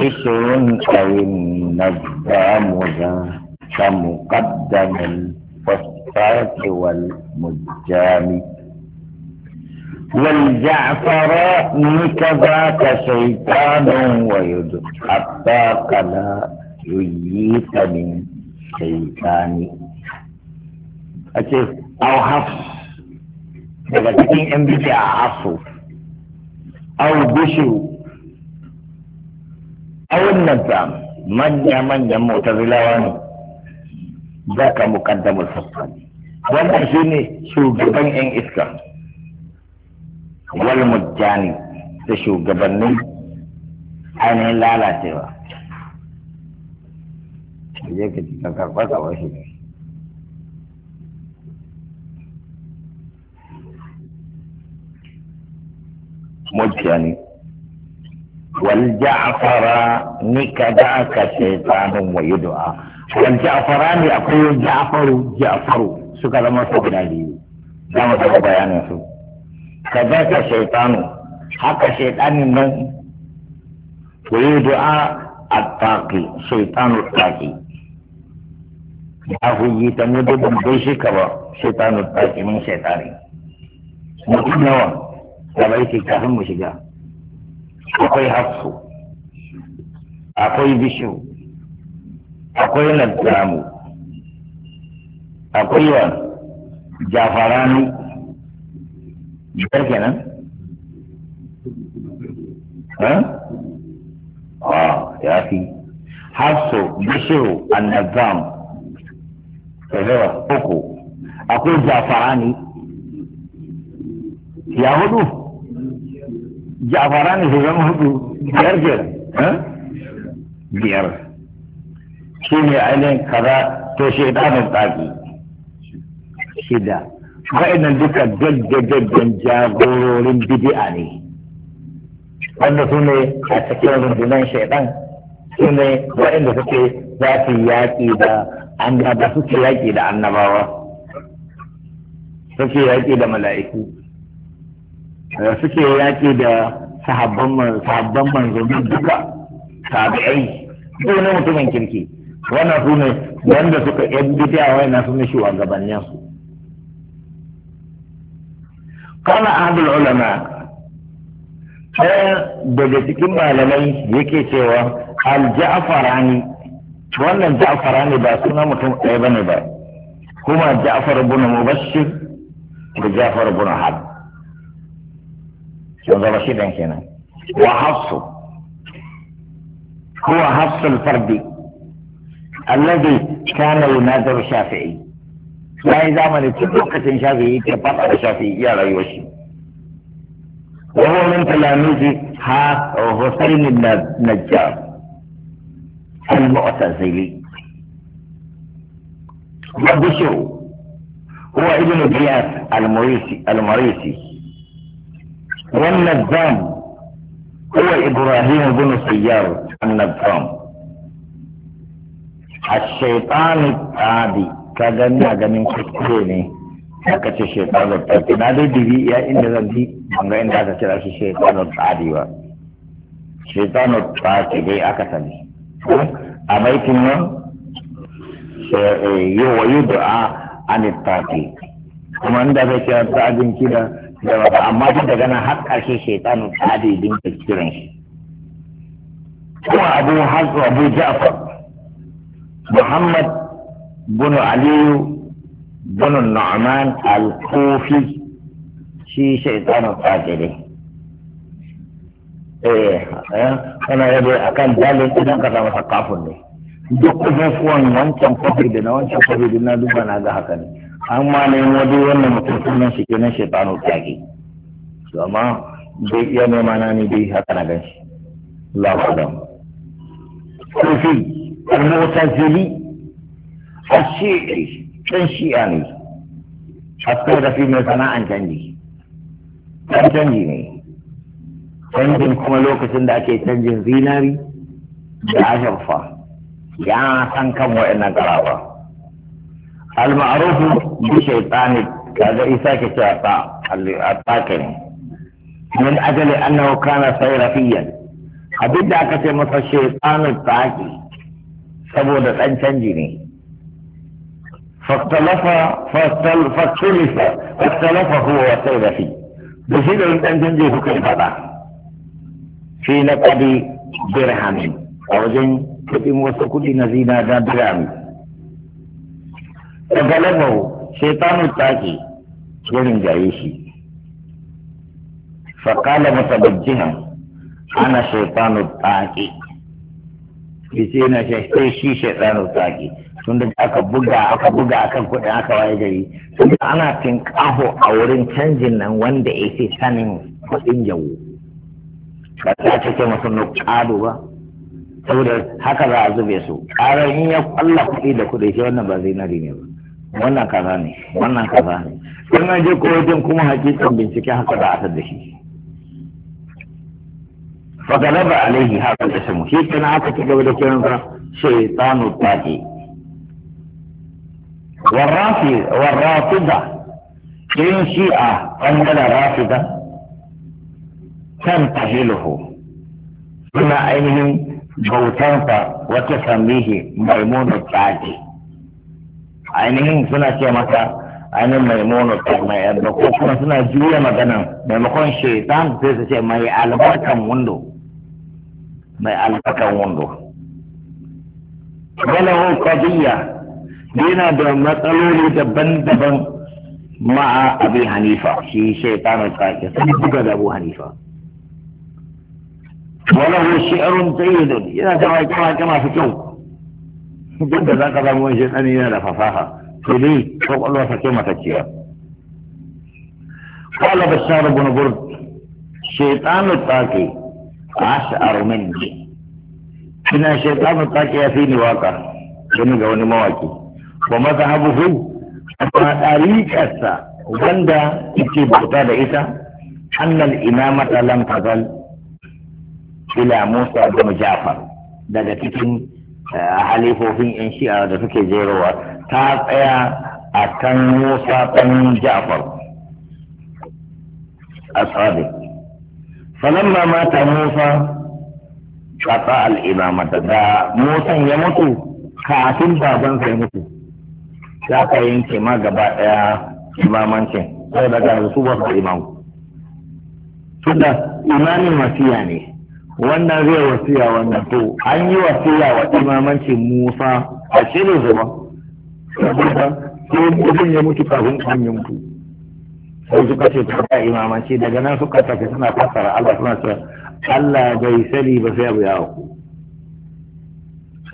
اسم أو النجام ذا فمقدم الفسفات والمجام والجعفران كذاك شيطان ويد حتى قلا يجيك من شيطان أشوف أو حفص لكن cikin بدي bidiya a afu a wannan ta manya-manyan mutazilawa ne za ka mukaddamar sassani wannan shi ne shugaban 'yan iska wal mujjani da shugabannin ainihin lalacewa je ka ci kan karɓar kawai shi ne mujjani والجعفران كذاك شيطان ويدعى والجعفران يقول جعفر جعفر سكر ما سكر عليه دام سكر بيان سو كذاك شيطان حق شيطان من ويدعى الطاقي شيطان الطاقي ya yi ta mudu ban gaishe ba shaitanu ta min shaitani mutum nawa da bai ke kafin mu shiga akwai hafsu akwai bishiyu akwai naddamu akwai wa jafarani biyar kenan ha ya fi hafsu bishiyu annazam tsarewa uku akwai jafarani ya hudu jafara ne shugaban hudu biyar biyar biyar shi ne ainihin kaza to shi ne ɗaki shida wa'annan duka gaggagaggan jagororin bidi'a ne wanda su ne a cikin rundunar shaidan su ne wa'anda suke za su yaƙi da gaba suke yaƙi da annabawa suke yaƙi da mala'iku suke yaƙi da sahabban manzo duka tabi'ai duk wani mutumin kirki wannan su ne wanda suka yan bidiya wayna su ne shugabannin su kana abul ulama ɗaya daga cikin malamai yake cewa al-ja'farani wannan ja'farani ba suna mutum ɗaya bane ba kuma ja'far ibn mubashir da ja'far ibn hadd نظر شي بان وحفص هو حفص الفردي الذي كان يناظر الشافعي لا يزامل تطلقة شافعي تطلق الشافعي يا لا يوشي وهو من تلاميذ ها بن النجار المعتزلي ما هو ابن الياس المريسي والنظام هو إبراهيم بن سيار النظام الشيطان التعادي كذا يا جميع كتيني aka ce shekarar tafi na dai dubi iya inda zan bi ban inda aka kira shi shekarar tsari ba shekarar tsari dai aka sani a baitin nan yi eh, wa yi du'a an tafi kuma inda aka kira ta abin kida da ba amma duk daga nan har ƙarshe shaitanu ta da idin kiran shi kuma abu hazu abu ja'far muhammad bin aliyu bin nu'man al-kufi shi shaitanu ta da idin eh ana a kan dalil idan ka samu sakafun ne duk kufufuwan wancan kafir da na wancan kafir na duba na ga haka ne an ma nemo duk wannan mutum sunan shi kenan shaitanu kyaki to amma bai iya nema na ni dai haka na gan shi Allahu alam sufi al-mu'tazili al-shi'i dan shi'a ne hatta da fi mai sana'an canji dan canji ne canjin kuma lokacin da ake canjin zinari da azurfa ya san kan wa'annan garaba المعروف بشيطان هذا إساك شيطان الطاكن من أجل أنه كان صيرفيا أبدا كتير الشيطان التاكي سبودة أن تنجني فاختلف فاختلف فاختلف هو وصيرفي بشيء أن تنجي فكيف في نقد درهم أرجن زين كتير وسكوت نزينا درهم da galabahu shaitanu taki wurin gare shi faƙala mutabajjihan ana shaitanu taki yace na sai shi shaitanu taki tun da aka buga aka buga akan kuɗin aka waye gari tun ana kaho a wurin canjin nan wanda ya yake sanin kuɗin jawo ba ta cike masu nuƙado ba saboda haka za a zube su ƙarar in ya kwalla kuɗi da kuɗi shi wannan ba zinari ne ba wannan kaza ne wannan kaza ne sai na je kowajen kuma hakikan bincike haka da aka da shi fagalaba alaihi haka da shi shi kana aka ci gaba da kiransa shaitanu ta'i warrafida in shi'a ɓangaren rafida kan tahiluhu suna ainihin bautansa wata sambihi maimunu ta'i ainihin suna ce masa ainihin mai ta, mai yadda ko kuma suna juya maganan maimakon shaitan sai su ce mai albarkan wando mai albarkan wando hu qadiyya yana da matsaloli daban-daban ma'a abi hanifa shi shaitan ta ke sun buga da abu hanifa walahu shi'arun tayyidun yana da waƙe-waƙe masu kyau duk da za ka zama wani shaitani yana da fasaha to dai kwakwalwa ta ce matacciya qala bashar ibn burd shaytanu taqi ash'ar minni ina shaytanu taqi ya fi ni waka wani ga wani mawaki wa mazhabuhu amma dariqarsa wanda yake bauta da ita annal imamata lam tazal ila musa ibn jafar daga cikin Eh, halifofin yan shi'a da suke jerowa ta tsaya a kan musa ɗan ja'far a tsari falamma mata musa kasa al'imama da musa ya mutu kafin baban sai mutu ya ka yanke ma gaba ɗaya imamancin sai daga su ba su imamu tunda imamin masiya ne wannan zai wasiya wannan to an yi wasiya wa imamanci musa a shirin zuba saboda sai mutum ya mutu kafin kan yi mutu sai suka ce ta ba imamanci daga nan suka tafi suna fassara Allah suna cewa Allah bai sani ba sai abu ya hauku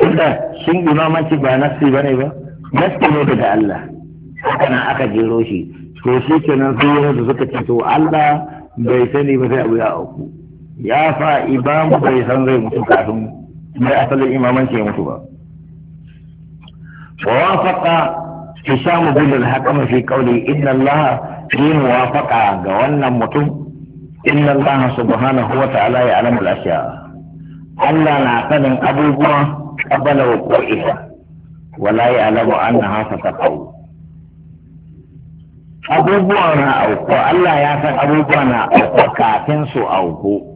inda sun imamanci ba nasi ba ne ba nasi ne daga Allah haka nan aka jero shi to shi kenan su yi da suka ce to Allah bai sani ba sai abu ya hauku ya fa imam bai san zai mutu kafin mai asalin imamanci ya mutu ba wa wafaqa hisham bin al-hakam fi qawli inna allah yin wafaqa ga wannan mutum inna allah subhanahu wa ta'ala ya alamu al-ashya allah na sanin abubuwa qabla wuqu'iha wala ya alamu annaha sataqaw abubuwa na auku allah ya san abubuwa na auku kafin su auku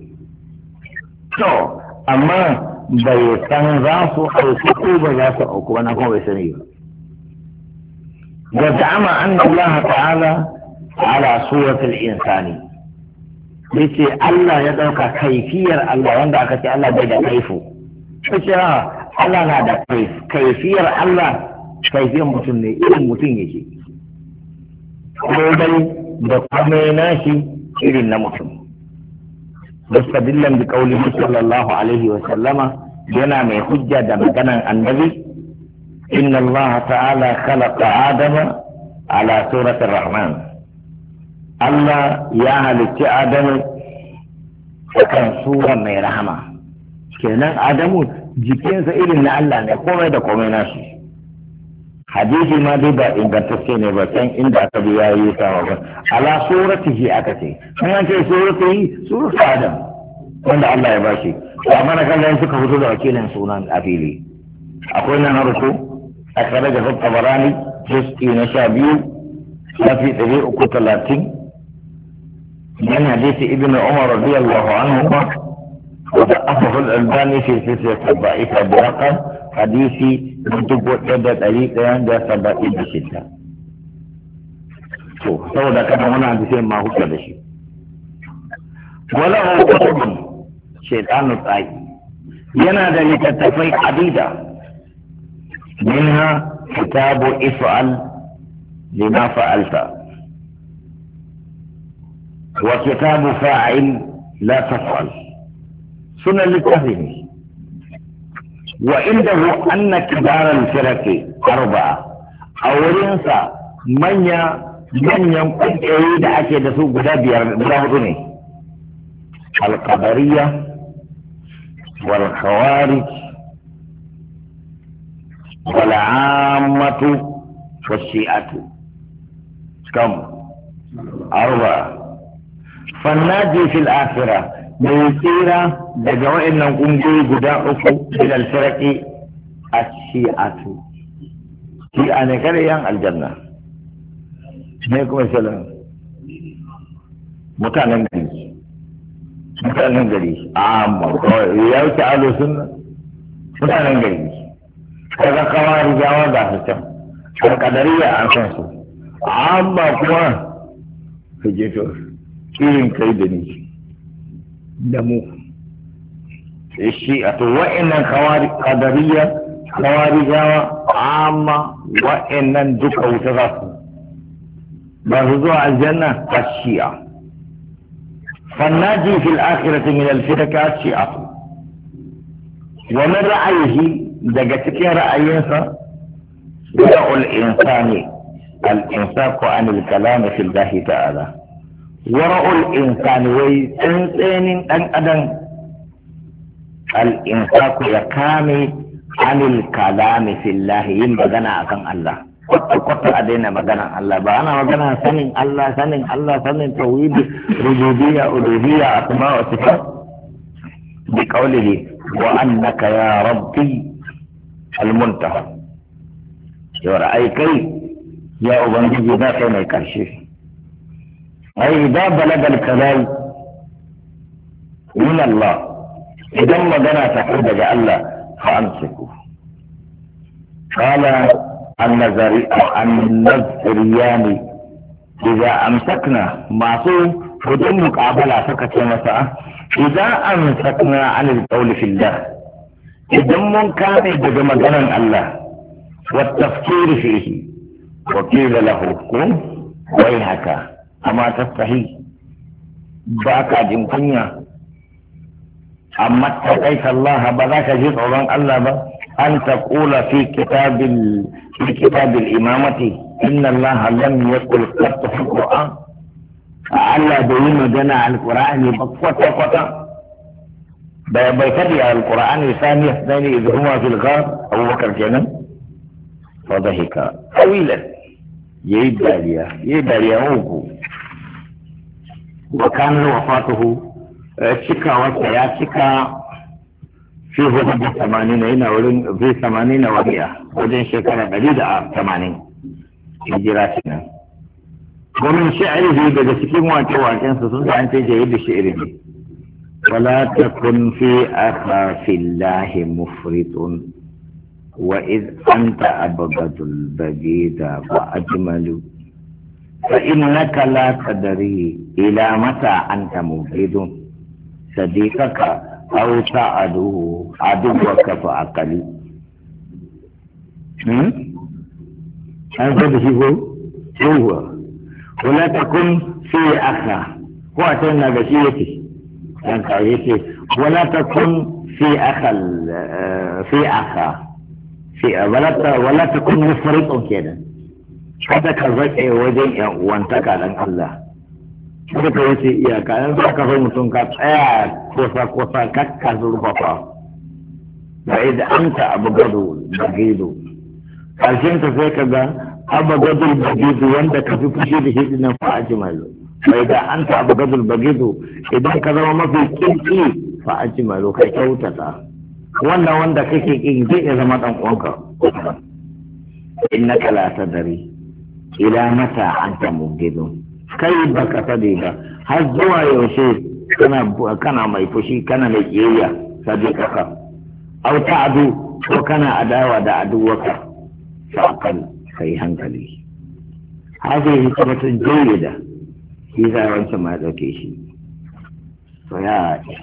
to amma bai san za su auku ko ba za su auku na kuma bai sani ba وزعم أن الله ta'ala ala suratul insani yace Allah ya ɗauka kaifiyar Allah wanda aka ce Allah bai da kaifu yace ah, Allah na da kaif kaifiyar Allah kaifiyar mutum ne irin mutum yake komai da komai nashi irin na mutum mustadillan bi qaulihi sallallahu alaihi wa sallama yana mai hujja da maganan annabi inna allaha ta'ala khalaqa adama ala surati rahman Allah ya halicci Adamu akan surar mai rahama kenan Adamu jikinsa irin na Allah ne komai da komai nasu hadisi ma dai ba ingantacce ne ba can inda aka bi yi sawa ba ala suratihi aka ce an an ce suratihi suratu adam wanda Allah ya bashi to amma na kallon suka fito da wakilin sunan a fili akwai nan harko a kare da tabarani juz'i na sha biyu shafi ɗari uku talatin من حديث ابن عمر رضي الله عنهما وضعفه الألباني في سلسلة الضعيفة برقم حديث dubu ɗaya da ɗari ɗaya da saba'in da shida to saboda kada wani hadisi ma hukka da shi wala hukumin shaitanu tsaki yana da littattafai adida minha kitabu if'al lima fa'alta wa kitabu fa'il la taf'al sunan littafi ne وعنده أن كبار الفرق أربعة أولينسا من من ينقل da أكيد سوء su guda القدرية والخوارج والعامة والشيئة كم أربعة فالناجي في الآخرة mai tsira daga nan ƙungiyoyi guda uku bil alfarqi a shiatu a ne kare yan aljanna ne kuma sallan mutanen gari mutanen gari ah, amma ya wuce alo suna. mutanen gari kaga kama rijawa da su can alƙadariya an san su amma kuma su je to irin kai da ni دموه الشيئة وإن الخوارج قدرية خوارج عامة وإن دكا وتغفر برضو الجنة فالشيعة فالناجي في الآخرة من الفتكة الشيعة ومن رأيه دقتك رأيه سوء الإنسان الإنفاق عن الكلام في الله تعالى wara'ul insani wai tsantsenin ɗan adam al'insaku ya kame anil kalami fillahi yin magana kan Allah kwata-kwata a daina maganan Allah ba ana magana sanin Allah sanin Allah sanin tawhidi rububiyya uluhiyya asma wa sifat bi qawlihi wa annaka ya rabbi al-muntaha yawar ai kai ya ubangiji na kai mai karshe أي إذا بلغ الكلام من الله إذا ما دنا تحود الله فأمسكوا قال النظري النظريان إذا أمسكنا معصوم فدم مقابلة فقط مساء إذا أمسكنا عن القول في الله إذا من كان بجمع الله والتفكير فيه وقيل له قم ويحكى amma ta sahi ba ka jin kunya amma ta kai Allah ba za ka ji tsoron Allah ba an ta kula fi kitabil fi kitabil imamati inna Allah lam yaqul qat fi qur'an Allah bai yi magana alqur'ani ba kwata kwata bai bai fadi alqur'ani sani sani idan huma fil ghar Abubakar kenan fa dhahika tawilan yayi dariya yayi dariya uku وكان وفاته آه، شكا وشا شكا في غضب الثمانين هنا ولن في ثمانين وهي ودين شكرا بديد عام آه، ثمانين في جراسنا ومن شعره بدأ سكين واتي واتين سسنسا انت جيد شعره ولا تكن في أخاف الله مفرط وإذ أنت أبغض البديد وأجمل فإنك لا تدري إلى متى أنت موحد صديقك أو تعدوه عدوك فأقل هذا هو هو ولا تكن في أخا هو أتينا بشيتي أنت عيتي ولا تكن في أخا آه، في أخا في ولا ولا تكن مفرط كده sadaka ka zaƙe wajen yan uwantaka dan Allah kada ka wuce iyaka in za ka so mutum ka tsaya kosa kosa kakka zurfafa da idan an ta abu gado da gado karshen ta sai ka ga abu gado da gado wanda ka fi fushi da shi dinan fa ajimalu bai da an ta abu gado da gado idan ka zama mafi kinki fa ajimalu ka kyautata wannan wanda kake kin zai zama dan uwanka innaka la tadri ila mata anta mubgidu kai Ka sani ba har zuwa yaushe kana kana mai fushi kana mai kiyayya au ta adu, ko kana adawa da aduwaka fa'al kai hankali hadhihi hikmatun da shi zai wancan ma dauke shi so ya